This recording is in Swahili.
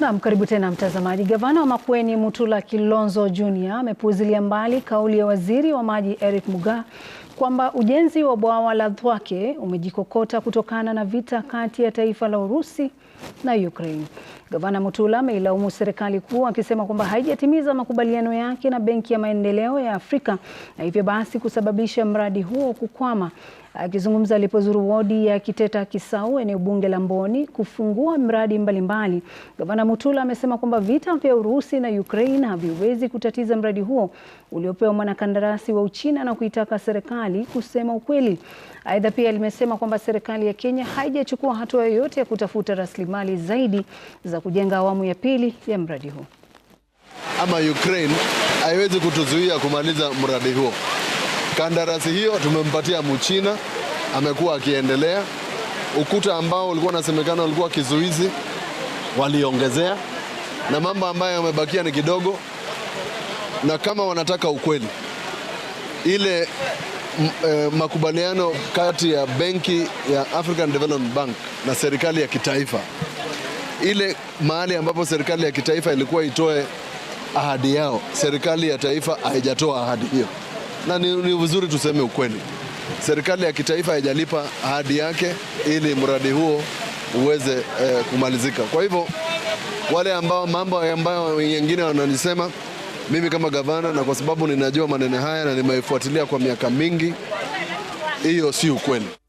Naam, karibu tena mtazamaji. Gavana wa Makueni Mutula Kilonzo Junior amepuuzilia mbali kauli ya waziri wa maji Eric Mugaa kwamba ujenzi wa bwawa la Thwake umejikokota kutokana na vita kati ya taifa la Urusi na Ukraine. Gavana Mutula ameilaumu serikali kuu akisema kwamba haijatimiza makubaliano yake na Benki ya Maendeleo ya Afrika na hivyo basi kusababisha mradi huo kukwama. Akizungumza alipozuru wodi ya Kiteta Kisau, eneo bunge la Mboni, kufungua mradi mbalimbali, Gavana Mutula amesema kwamba vita vya Urusi na Ukraine haviwezi kutatiza mradi huo uliopewa mwanakandarasi wa Uchina na kuitaka serikali serikali kusema ukweli. Aidha, pia limesema kwamba serikali ya Kenya haijachukua hatua yoyote ya kutafuta rasilimali zaidi za kujenga awamu ya pili ya mradi huu. Ama Ukraine haiwezi kutuzuia kumaliza mradi huo. Kandarasi hiyo tumempatia Mchina, amekuwa akiendelea. Ukuta ambao ulikuwa unasemekana ulikuwa kizuizi waliongezea, na mambo ambayo yamebakia ni kidogo, na kama wanataka ukweli ile Eh, makubaliano kati ya benki ya African Development Bank na serikali ya kitaifa, ile mahali ambapo serikali ya kitaifa ilikuwa itoe ahadi yao, serikali ya taifa haijatoa ahadi hiyo, na ni, ni vizuri tuseme ukweli, serikali ya kitaifa haijalipa ahadi yake ili mradi huo uweze eh, kumalizika. Kwa hivyo wale ambao mambo ambayo wengine wananisema mimi kama gavana, na kwa sababu ninajua maneno haya na nimeifuatilia kwa miaka mingi, hiyo si ukweli.